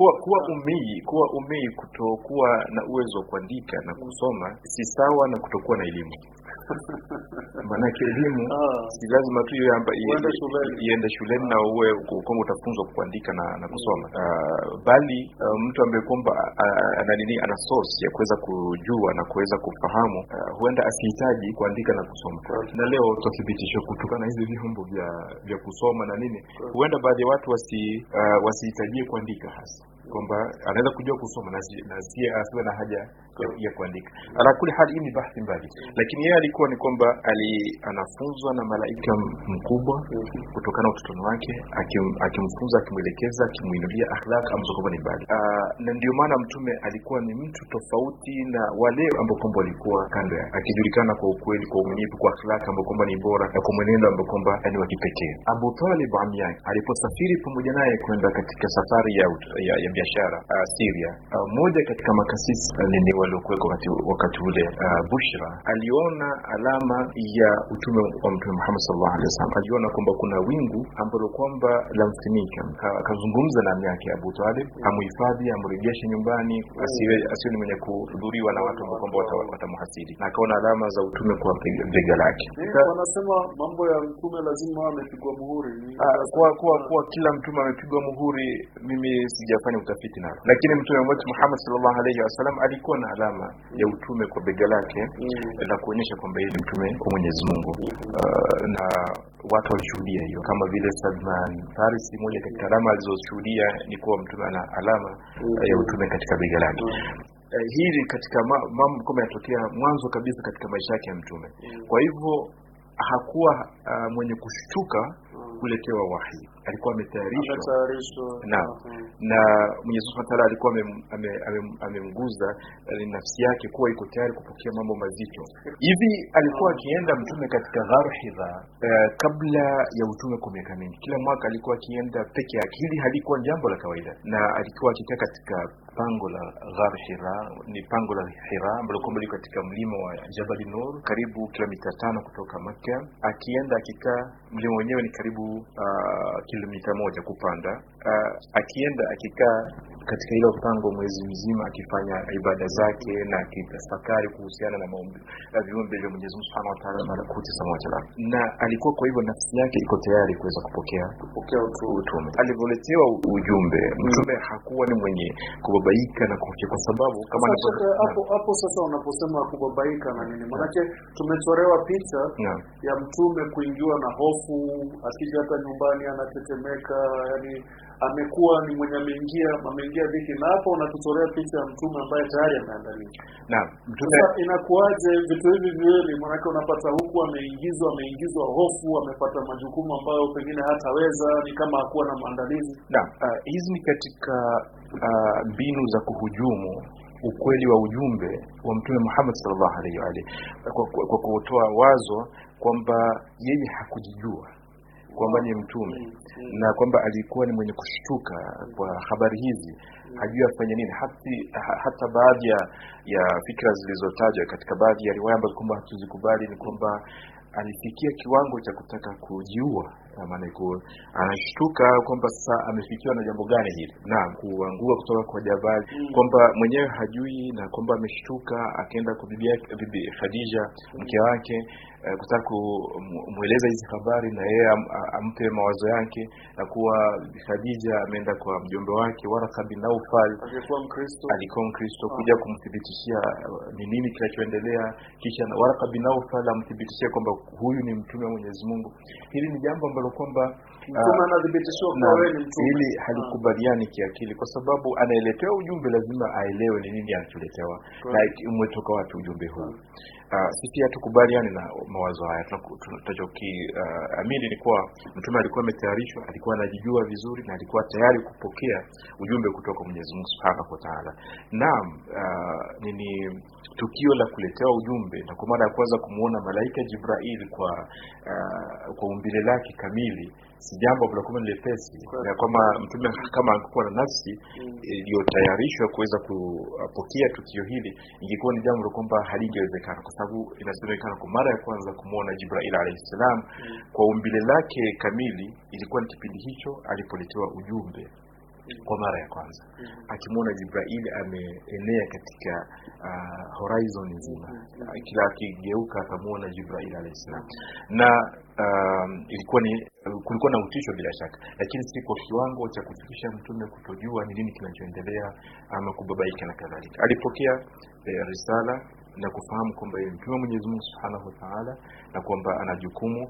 kuwa kuwa umii kuwa umii kutokuwa na uwezo wa kuandika na mm. kusoma si sawa na kutokuwa na elimu maanake elimu ah. si lazima tu iende shuleni na uwe kwamba utafunzwa kuandika na, na mm. kusoma uh, bali uh, mtu ambaye kwamba ana nini ana source ya kuweza kujua na kuweza kufahamu uh, huenda asihitaji kuandika na kusoma na leo twathibitishwa kutokana hizi vyombo vya vya kusoma na nini huenda baadhi ya watu wasi uh, wasihitajie kuandika hasa kwamba anaweza kujua kusoma na asiwe na haja ya, kuandika. Ala kuli hali, hii ni bahati mbali, lakini yeye alikuwa ni kwamba ali anafunzwa na malaika mkubwa kutokana na utotoni wake, akimfunza, akimwelekeza, akimuinulia akhlaq ambazo kwamba ni mbali, ah, na ndio maana mtume alikuwa ni mtu tofauti na wale ambao kwamba walikuwa kando yake, akijulikana kwa ukweli, kwa uaminifu, kwa akhlaq ambao kwamba ni bora na kwa mwenendo ambao kwamba ni wa kipekee. Abu Talib ami aliposafiri pamoja naye kwenda katika safari ya, ya, ya biashara ah, Syria, ah, moja katika makasisi waliokuweka wakati wakati ule. Uh, Bushra aliona alama ya utume wa Mtume Muhammad sallallahu alaihi wasallam, aliona kwamba kuna wingu ambalo kwamba lamfinika, akazungumza na ami yake Abu Talib amuhifadhi, amrejeshe nyumbani, asiwe asiwe ni mwenye kudhuriwa na watu ambao kwamba watamhasidi, na akaona alama za utume kwa bega lake. Wanasema mambo ya mtume lazima amepigwa muhuri, ah, kwa kwa kwa kila mtume amepigwa muhuri. Mimi sijafanya utafiti nalo, lakini Mtume Muhammad sallallahu alaihi wasallam alikuwa na alama ya utume kwa bega lake mm. na kuonyesha kwamba yeye ni mtume wa Mwenyezi Mungu. Uh, na watu walishuhudia hiyo, kama vile Salman Farisi, moja katika alama alizoshuhudia ni kuwa mtume ana alama mm. ya utume katika bega lake. Uh, hili katika mambo kama yatokea mwanzo kabisa katika maisha yake ya mtume. Kwa hivyo hakuwa uh, mwenye kushtuka kuletewa wahi alikuwa ametayarishwa na na Mwenyezi Mungu Taala alikuwa amemguza nafsi yake kuwa iko tayari kupokea mambo mazito hivi. Alikuwa akienda mtume katika gharu Hira eh, kabla ya utume kwa miaka mingi, kila mwaka alikuwa akienda peke yake. Hili halikuwa jambo la kawaida, na alikuwa akikaa katika pango la gharu Hira. Ni pango la Hira ambalo kwamba liko katika mlima wa Jabali Nur karibu kilomita tano kutoka Makka, akienda akikaa. Mlima wenyewe ni karibu uh, kilomita moja kupanda uh, akienda akikaa katika hilo pango mwezi mzima akifanya ibada zake na akitafakari kuhusiana na maombi na viumbe vya Mwenyezi Mungu Subhanahu wa Ta'ala malakuti pamoja na na alikuwa kwa hivyo nafsi yake iko tayari kuweza kupokea kupokea utume. Alivyoletewa ujumbe mtume mm. hakuwa ni mwenye kubabaika na kufikia, kwa sababu kama hapo hapo sasa unaposema kubabaika na nini, manake tumetorewa picha na ya mtume kuingiwa na hofu, asije hata nyumbani anatetemeka, yani amekuwa ni mwenye ameingia ameingia dhiki, na hapo unatutolea picha ya mtume ambaye tayari ameandaliwa. Naam, mtume inakuwaje vitu hivi viwili? Maanake unapata huku ameingizwa ameingizwa hofu, amepata majukumu ambayo pengine hataweza, ni kama hakuwa na maandalizi. Naam, uh, hizi ni katika ah, mbinu uh, za kuhujumu ukweli wa ujumbe wa Mtume Muhammad sallallahu alaihi wa alihi kwa kutoa wazo kwamba yeye hakujijua kwamba ni mtume na kwamba alikuwa ni mwenye kushtuka kwa habari hizi hajui afanye nini hati, hata baadhi ya, ya fikra zilizotajwa katika baadhi ya riwaya ambazo kwamba hatuzikubali ni kwamba alifikia kiwango cha kutaka kujiua maana anashtuka kwamba sasa amefikiwa na jambo gani hili, na kuangua kutoka kwa jabali mm. kwamba mwenyewe hajui, na kwamba ameshtuka, akaenda kwa bibi Khadija mke wake eh, kutaka kumweleza hizi habari na yeye ampe mawazo yake, na kuwa Khadija ameenda kwa mjombe wake Waraka bin Naufal, alikuwa Mkristo, ah. kuja kumthibitishia uh, ni nini kinachoendelea, kisha na Waraka bin Naufal amthibitishia kwamba huyu ni mtume wa Mwenyezi Mungu. Hili ni jambo ambalo kwamba uh, hili ah. halikubaliani kiakili, kwa sababu anaeletewa ujumbe lazima aelewe ni nini anacholetewa na umetoka wapi ujumbe huu. Ah. Uh, sisi hatukubaliani na mawazo haya. Tunachokiamini ah, uh, ni kuwa mtume alikuwa ametayarishwa, alikuwa anajijua vizuri na alikuwa tayari kupokea ujumbe kutoka kwa Mwenyezi Mungu Subhanahu wa Ta'ala. Naam, uh, nini tukio la kuletewa ujumbe na kwa mara ya kwanza kumwona malaika Jibrail kwa uh, kwa umbile lake kamili si jambo ambalo kama lepesi na kwamba mtume kama angekuwa na nafsi mm. iliyotayarishwa mm, kuweza kupokea tukio hili ingekuwa ni jambo la kwamba halingewezekana kwa sababu inasemekana kwa mara ya kwanza kumwona Jibrail alayhi salam mm. kwa umbile lake kamili ilikuwa ni kipindi hicho alipoletewa ujumbe kwa mara ya kwanza mm. akimwona Jibrail ameenea katika uh, horizon nzima mm. kila akigeuka akamwona Jibrail alayhi salam na um, ilikuwa ni kulikuwa na utisho bila shaka, lakini si kwa kiwango cha kufikisha mtume kutojua ni nini kinachoendelea ama kubabaika na kadhalika. Alipokea eh, risala na kufahamu kwamba yeye mtume Mwenyezi Mungu Subhanahu wa Ta'ala, na kwamba ana jukumu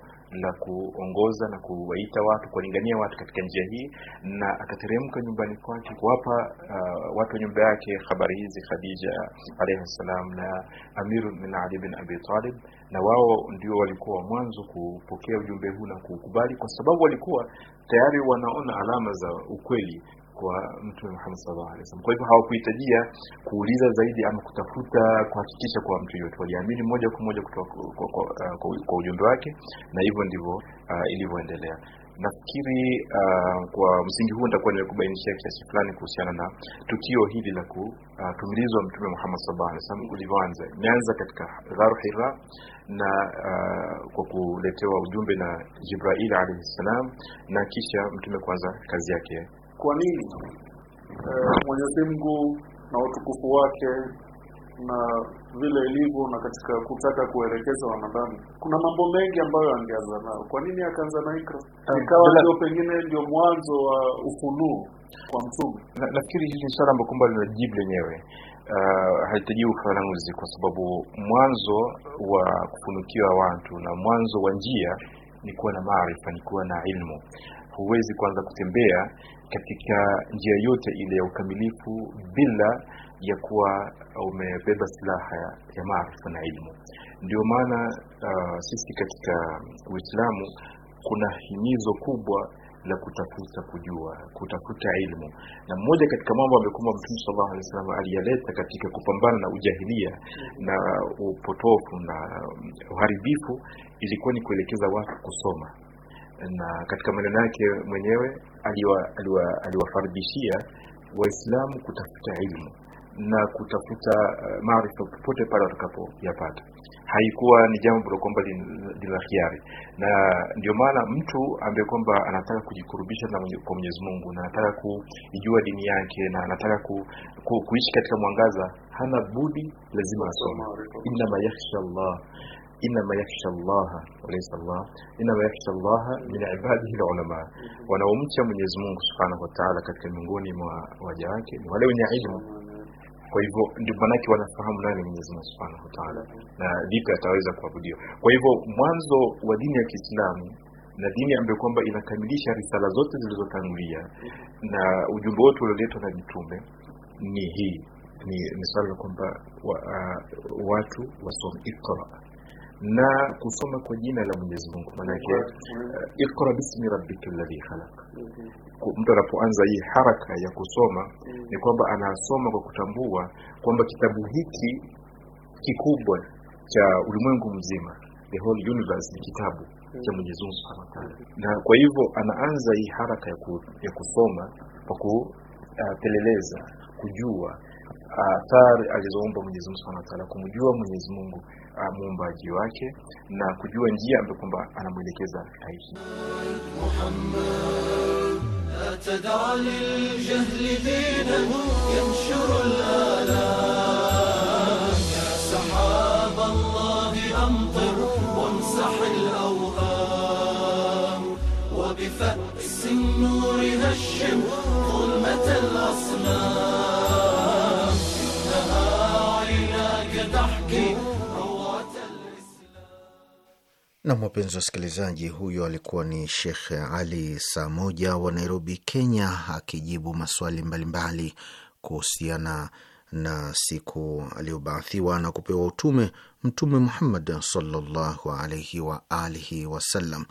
la kuongoza na kuwaita watu, kuwalingania watu katika njia hii, na akateremka nyumbani kwake kuwapa uh, watu wa nyumba yake habari hizi Khadija alayhi salam na Amirul Mu'minin Ali bin Abi Talib, na wao ndio walikuwa wa mwanzo kupokea ujumbe huu na kuukubali, kwa sababu walikuwa tayari wanaona alama za ukweli kwa Mtume Muhammad sallallahu alaihi wasallam. Kwa hivyo hawakuhitajia kuuliza zaidi ama kutafuta kuhakikisha kwa mtu yote, waliamini moja kwa moja kutoka kwa, kwa, kwa, kwa ujumbe wake, na hivyo ndivyo uh, ilivyoendelea. Nafikiri uh, kwa msingi huu nitakuwa nimekubainishia kiasi fulani kuhusiana na tukio hili la kutumilizwa uh, Mtume Muhammad sallallahu alaihi wasallam ulivyoanza. Imeanza katika Gharu Hira na uh, kwa kuletewa ujumbe na Jibrail alaihi salam, na kisha mtume kuanza kazi yake kwa nini e, Mwenyezi Mungu na utukufu wake na vile ilivyo na katika kutaka kuelekeza wanadamu kuna mambo mengi ambayo angeanza nayo kwa nini akaanza na ikra ah, ikawa ndio pengine ndio mwanzo wa ufunuo kwa mtume nafikiri hili ni swala ambayo kwamba linajibu lenyewe uh, ah, haitaji ufafanuzi kwa sababu mwanzo wa kufunukiwa watu na mwanzo wa njia ni kuwa na maarifa ni kuwa na ilmu huwezi kuanza kutembea katika njia yote ile ya ukamilifu bila ya kuwa umebeba silaha ya maarifa na ilmu. Ndio maana uh, sisi katika Uislamu kuna himizo kubwa la kutafuta kujua, kutafuta ilmu, na mmoja katika mambo amekuwa Mtume sallallahu alaihi wasallam aliyaleta katika kupambana na ujahilia na upotofu na uharibifu ilikuwa ni kuelekeza watu kusoma na katika maneno yake mwenyewe aliwafaridishia aliwa, aliwa waislamu kutafuta ilmu na kutafuta uh, maarifa popote pale watakapoyapata haikuwa ni jambo la kwamba lina hiari na ndio maana mtu ambaye kwamba anataka kujikurubisha na mwenye, kwa Mwenyezi Mungu na anataka kuijua dini yake na anataka ku, ku, kuishi katika mwangaza hana budi lazima asome inna yakhsha Allah inama yakhsha llaha walaysa llah inama yakhsha llaha min ibadihi lulama wanaomcha Mwenyezi Mungu subhanahu wataala katika miongoni mwa waja wake ni wale wenye ilmu. Kwa hivyo ndio maanake wanafahamu nani Mwenyezi Mungu subhanahu wataala na vipi ataweza kuabudiwa. Kwa hivyo mwanzo wa dini ya Kiislamu na dini ambayo kwamba inakamilisha risala zote zilizotangulia na ujumbe wote ulioletwa na mitume ni hii, ni swala la kwamba wa, uh, watu wasome iqra na kusoma kwa jina la Mwenyezi Mungu manake uh, iqra bismi rabbika ladhi khalaq mm-hmm. mtu anapoanza hii haraka ya kusoma mm. ni kwamba anasoma kwa kutambua kwamba kitabu hiki kikubwa cha ulimwengu mzima the whole universe ni kitabu mm. cha Mwenyezi Mungu Ta'ala mm-hmm. na kwa hivyo anaanza hii haraka ya, ku, ya kusoma kwa kupeleleza uh, kujua athari alizoomba Mwenyezi Mungu Subhanahu wa Ta'ala, kumjua Mwenyezi Mungu muumbaji wake na kujua njia ambayo kwamba anamwelekeza aishi. النور هشم ظلمة الأصل Na wapenzi wasikilizaji, huyo alikuwa ni Shekh Ali saa moja wa Nairobi, Kenya, akijibu maswali mbalimbali kuhusiana na siku aliyobaathiwa na kupewa utume Mtume Muhammad sallallahu alaihi wa alihi wasallam.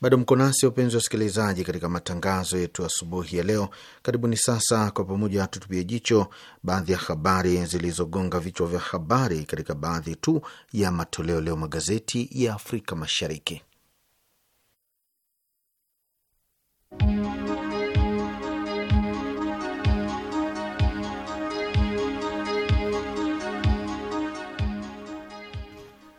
Bado mko nasi wapenzi wa wasikilizaji, katika matangazo yetu asubuhi ya leo. Karibuni sasa, kwa pamoja tutupie jicho baadhi ya habari zilizogonga vichwa vya habari katika baadhi tu ya matoleo leo magazeti ya Afrika Mashariki.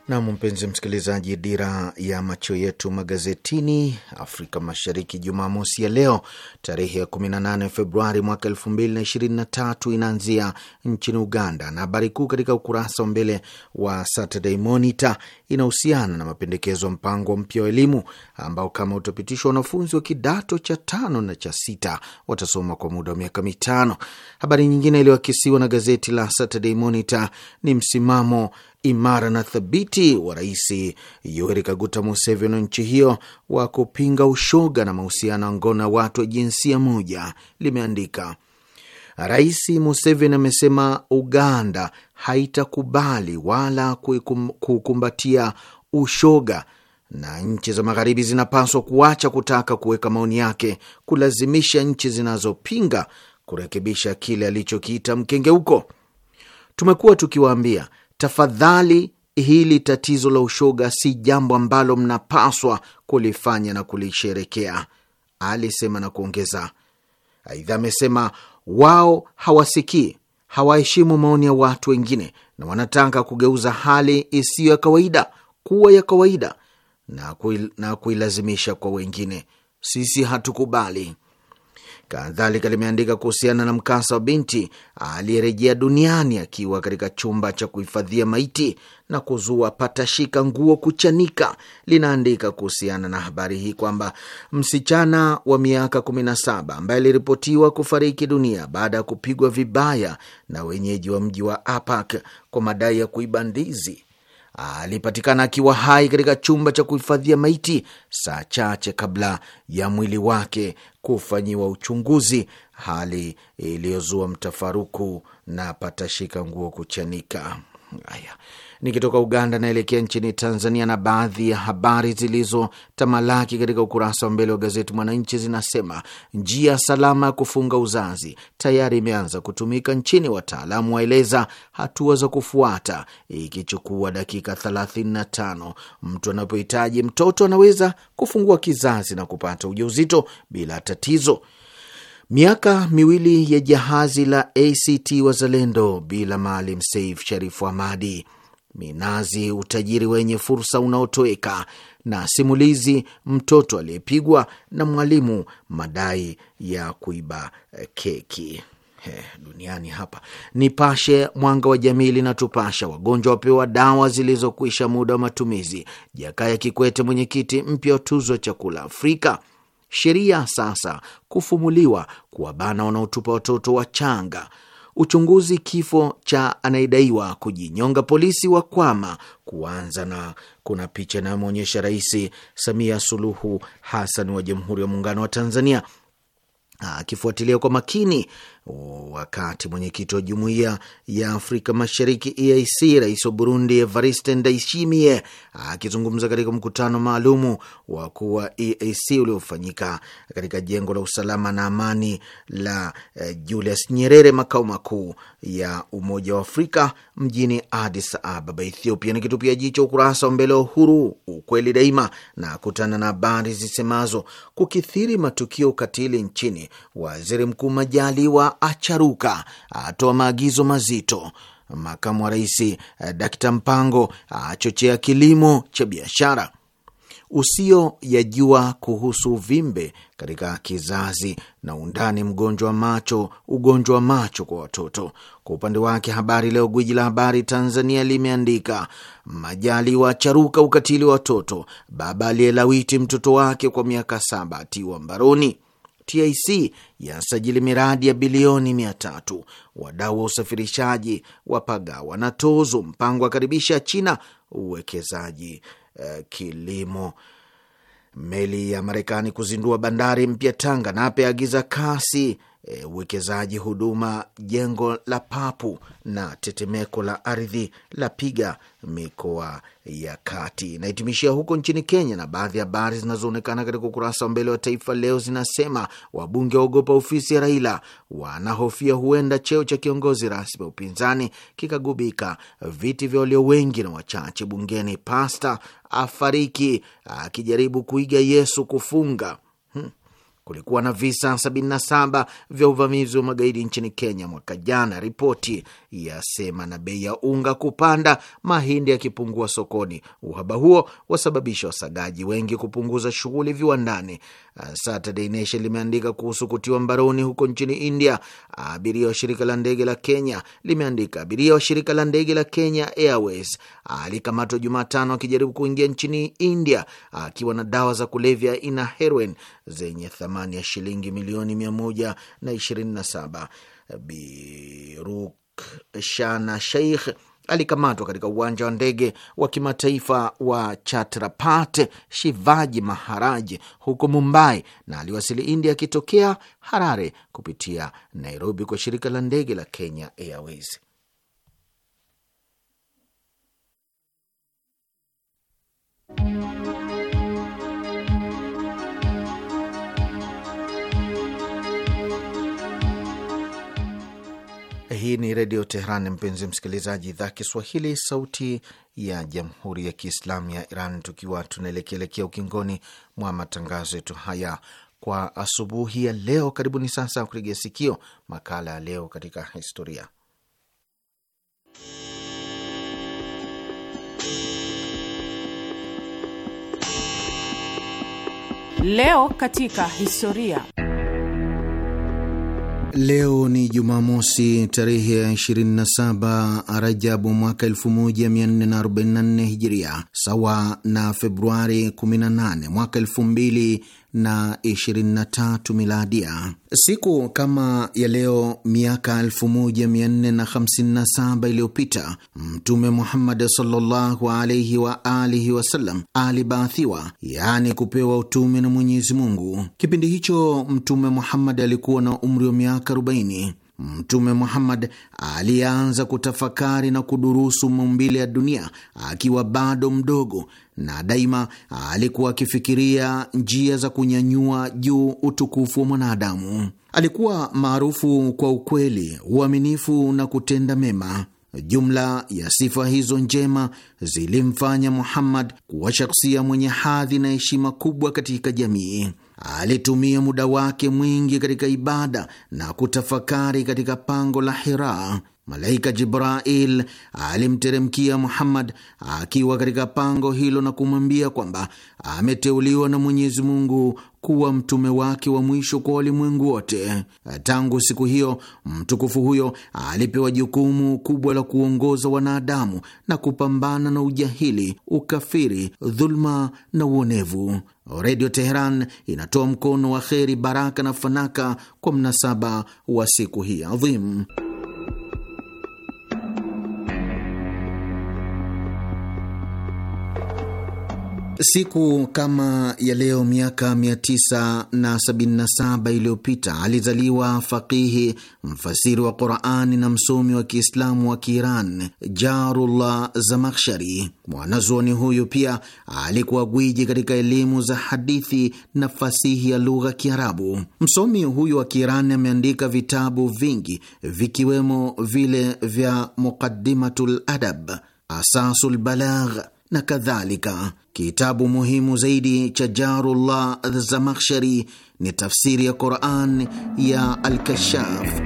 Nam, mpenzi msikilizaji, dira ya macho yetu magazetini Afrika Mashariki Jumamosi ya leo tarehe ya 18 Februari mwaka 2023 inaanzia nchini Uganda, na habari kuu katika ukurasa wa mbele wa Saturday Monitor inahusiana na mapendekezo ya mpango mpya wa elimu ambao kama utapitishwa, wanafunzi wa kidato cha tano na cha sita watasoma kwa muda wa miaka mitano. Habari nyingine iliyoakisiwa na gazeti la Saturday Monitor ni msimamo imara na thabiti wa Rais Yoweri Kaguta Museveni wa nchi hiyo wa kupinga ushoga na mahusiano ya ngono ya watu wa jinsia moja limeandika. Rais Museveni amesema Uganda haitakubali wala kukumbatia ushoga na nchi za magharibi zinapaswa kuacha kutaka kuweka maoni yake kulazimisha nchi zinazopinga kurekebisha kile alichokiita mkengeuko. Tumekuwa tukiwaambia Tafadhali, hili tatizo la ushoga si jambo ambalo mnapaswa kulifanya na kulisherekea, alisema na kuongeza. Aidha amesema wao hawasikii, hawaheshimu maoni ya watu wengine na wanataka kugeuza hali isiyo ya kawaida kuwa ya kawaida na kuilazimisha kwa wengine. Sisi hatukubali. Kadhalika limeandika kuhusiana na mkasa wa binti aliyerejea duniani akiwa katika chumba cha kuhifadhia maiti na kuzua patashika nguo kuchanika. Linaandika kuhusiana na habari hii kwamba msichana wa miaka 17 ambaye aliripotiwa kufariki dunia baada ya kupigwa vibaya na wenyeji wa mji wa Apak kwa madai ya kuiba ndizi alipatikana akiwa hai katika chumba cha kuhifadhia maiti saa chache kabla ya mwili wake kufanyiwa uchunguzi, hali iliyozua mtafaruku na patashika nguo kuchanika. Haya, Nikitoka Uganda naelekea nchini Tanzania, na baadhi ya habari zilizotamalaki katika ukurasa wa mbele wa gazeti Mwananchi zinasema njia salama ya kufunga uzazi tayari imeanza kutumika nchini, wataalamu waeleza hatua za kufuata, ikichukua dakika 35. Mtu anapohitaji mtoto anaweza kufungua kizazi na kupata ujauzito bila tatizo. Miaka miwili ya jahazi la ACT Wazalendo bila Maalim Seif Sharifu Hamadi minazi utajiri wenye fursa unaotoweka na simulizi mtoto aliyepigwa na mwalimu madai ya kuiba eh, keki. He, duniani hapa. Nipashe Mwanga wa Jamii linatupasha wagonjwa wapewa dawa zilizokwisha muda wa matumizi. Jakaya Kikwete mwenyekiti mpya wa tuzo ya chakula Afrika. Sheria sasa kufumuliwa kuwabana wanaotupa watoto wachanga uchunguzi kifo cha anayedaiwa kujinyonga polisi wa Kwama kuanza, na kuna picha inayomwonyesha Rais Samia Suluhu Hassan wa Jamhuri ya Muungano wa Tanzania akifuatilia kwa makini Wakati mwenyekiti wa jumuiya ya Afrika Mashariki EAC rais wa Burundi Evariste Ndayishimiye akizungumza katika mkutano maalumu wa kuu wa EAC uliofanyika katika jengo la usalama na amani la eh, Julius Nyerere, makao makuu ya Umoja wa Afrika mjini Addis Ababa, Ethiopia, ni kitupia jicho ukurasa wa mbele wa Uhuru Ukweli Daima na kutana na habari zisemazo kukithiri matukio ukatili nchini, waziri mkuu Majaliwa acharuka, atoa maagizo mazito. Makamu wa rais eh, Dakta Mpango achochea kilimo cha biashara. Usio ya jua kuhusu vimbe katika kizazi na undani mgonjwa wa macho, ugonjwa wa macho kwa watoto. Kwa upande wake, Habari Leo, gwiji la habari Tanzania, limeandika Majaliwa charuka ukatili wa watoto, baba aliyelawiti mtoto wake kwa miaka saba atiwa mbaroni. TIC yasajili miradi ya bilioni mia tatu. Wadau wa usafirishaji wapagawa na tozo. Mpango wa karibisha China uwekezaji uh, kilimo. Meli ya Marekani kuzindua bandari mpya Tanga. Nape agiza kasi E, uwekezaji huduma, jengo la Papu na tetemeko la ardhi la piga mikoa ya kati. inahitimishia huko nchini Kenya, na baadhi ya habari zinazoonekana katika ukurasa wa mbele wa Taifa Leo zinasema wabunge waogopa ofisi ya Raila, wanahofia huenda cheo cha kiongozi rasmi wa upinzani kikagubika viti vya walio wengi na wachache bungeni. Pasta afariki akijaribu kuiga Yesu kufunga kulikuwa na visa 77 vya uvamizi wa magaidi nchini Kenya mwaka jana, ripoti yasema, na bei ya unga kupanda, mahindi yakipungua sokoni. Uhaba huo wasababisha wasagaji wengi kupunguza shughuli viwandani Saturday Nation limeandika kuhusu kutiwa mbaroni huko nchini India abiria wa shirika la ndege la Kenya. Limeandika abiria wa shirika la ndege la Kenya Airways alikamatwa Jumatano akijaribu kuingia nchini India akiwa na dawa za kulevya ina heroin zenye thamani ya shilingi milioni 127. Biruk Shana Sheikh alikamatwa katika uwanja wa ndege wa kimataifa wa Chhatrapati Shivaji Maharaj huko Mumbai na aliwasili India akitokea Harare kupitia Nairobi kwa shirika la ndege la Kenya Airways. Hii ni Redio Teheran, mpenzi msikilizaji, idhaa Kiswahili, sauti ya jamhuri ya Kiislamu ya Iran, tukiwa tunaelekeelekea ukingoni mwa matangazo yetu haya kwa asubuhi ya leo. Karibuni sasa kurigia sikio makala ya leo katika historia. Leo katika historia Leo ni Jumamosi tarehe ya 27 Rajabu mwaka 1444 Hijiria, sawa na Februari 18 mwaka na 23 miladia. Siku kama ya leo miaka 1457 iliyopita Mtume Muhammad sallallahu alaihi wa alihi wasallam alibaathiwa, yaani kupewa utume na Mwenyezi Mungu. Kipindi hicho Mtume Muhammad alikuwa na umri wa miaka 40. Mtume Muhammad alianza kutafakari na kudurusu maumbile ya dunia akiwa bado mdogo na daima alikuwa akifikiria njia za kunyanyua juu utukufu wa mwanadamu. Alikuwa maarufu kwa ukweli, uaminifu na kutenda mema. Jumla ya sifa hizo njema zilimfanya Muhammad kuwa shaksia mwenye hadhi na heshima kubwa katika jamii. Alitumia muda wake mwingi katika ibada na kutafakari katika pango la Hira. Malaika Jibrail alimteremkia Muhammad akiwa katika pango hilo na kumwambia kwamba ameteuliwa na Mwenyezi Mungu kuwa mtume wake wa mwisho kwa walimwengu wote. Tangu siku hiyo mtukufu huyo alipewa jukumu kubwa la kuongoza wanadamu na kupambana na ujahili, ukafiri, dhuluma na uonevu. Redio Teheran inatoa mkono wa kheri, baraka na fanaka kwa mnasaba wa siku hii adhimu. Siku kama ya leo miaka 977 iliyopita alizaliwa faqihi, mfasiri wa Qurani na msomi wa Kiislamu wa Kiiran, Jarullah Zamakhshari. Mwanazuoni huyu pia alikuwa gwiji katika elimu za hadithi na fasihi ya lugha Kiarabu. Msomi huyu wa Kiiran ameandika vitabu vingi vikiwemo vile vya Muqaddimatul Adab, Asasul Balagh, na kadhalika. Kitabu muhimu zaidi cha Jarullah Zamakhshari ni tafsiri ya Quran ya Alkashaf.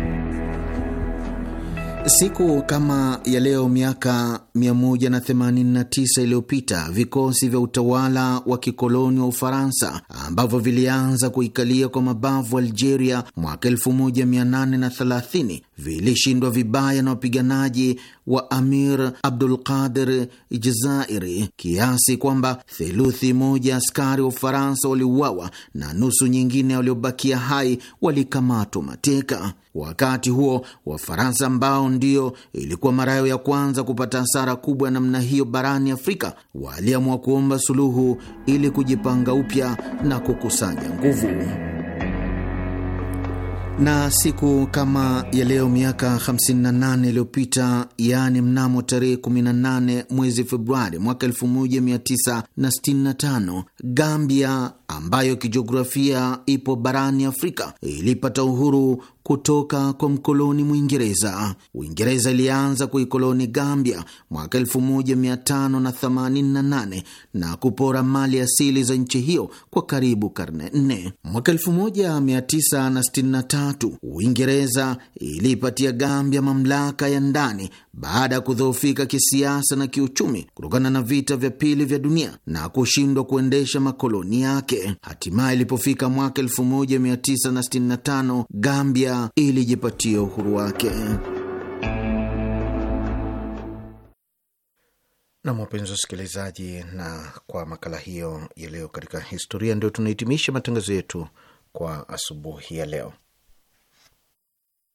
Siku kama ya leo miaka 189 iliyopita vikosi vya utawala wa kikoloni wa Ufaransa ambavyo vilianza kuikalia kwa mabavu Algeria mwaka 1830 vilishindwa vibaya na wapiganaji wa Amir Abdul Qadir Jazairi kiasi kwamba theluthi moja askari wa Ufaransa waliuawa na nusu nyingine waliobakia hai walikamatwa mateka. Wakati huo Wafaransa ambao ndio ilikuwa mara yao ya kwanza kupata hasara kubwa ya namna hiyo barani Afrika waliamua kuomba suluhu ili kujipanga upya na kukusanya nguvu na siku kama ya leo miaka 58 iliyopita, yaani mnamo tarehe 18 mwezi Februari mwaka 1965, Gambia ambayo kijiografia ipo barani Afrika ilipata uhuru kutoka kwa mkoloni Mwingereza. Uingereza ilianza kuikoloni Gambia mwaka 1588 na kupora mali asili za nchi hiyo kwa karibu karne nne. Mwaka 1963 Uingereza iliipatia Gambia mamlaka ya ndani baada ya kudhoofika kisiasa na kiuchumi kutokana na vita vya pili vya dunia na kushindwa kuendesha makoloni yake. Hatimaye ilipofika mwaka 1965 Gambia ilijipatia uhuru wake. Nam, wapenzi wasikilizaji, na kwa makala hiyo ya leo katika historia, ndio tunahitimisha matangazo yetu kwa asubuhi ya leo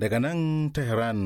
daga nan tehran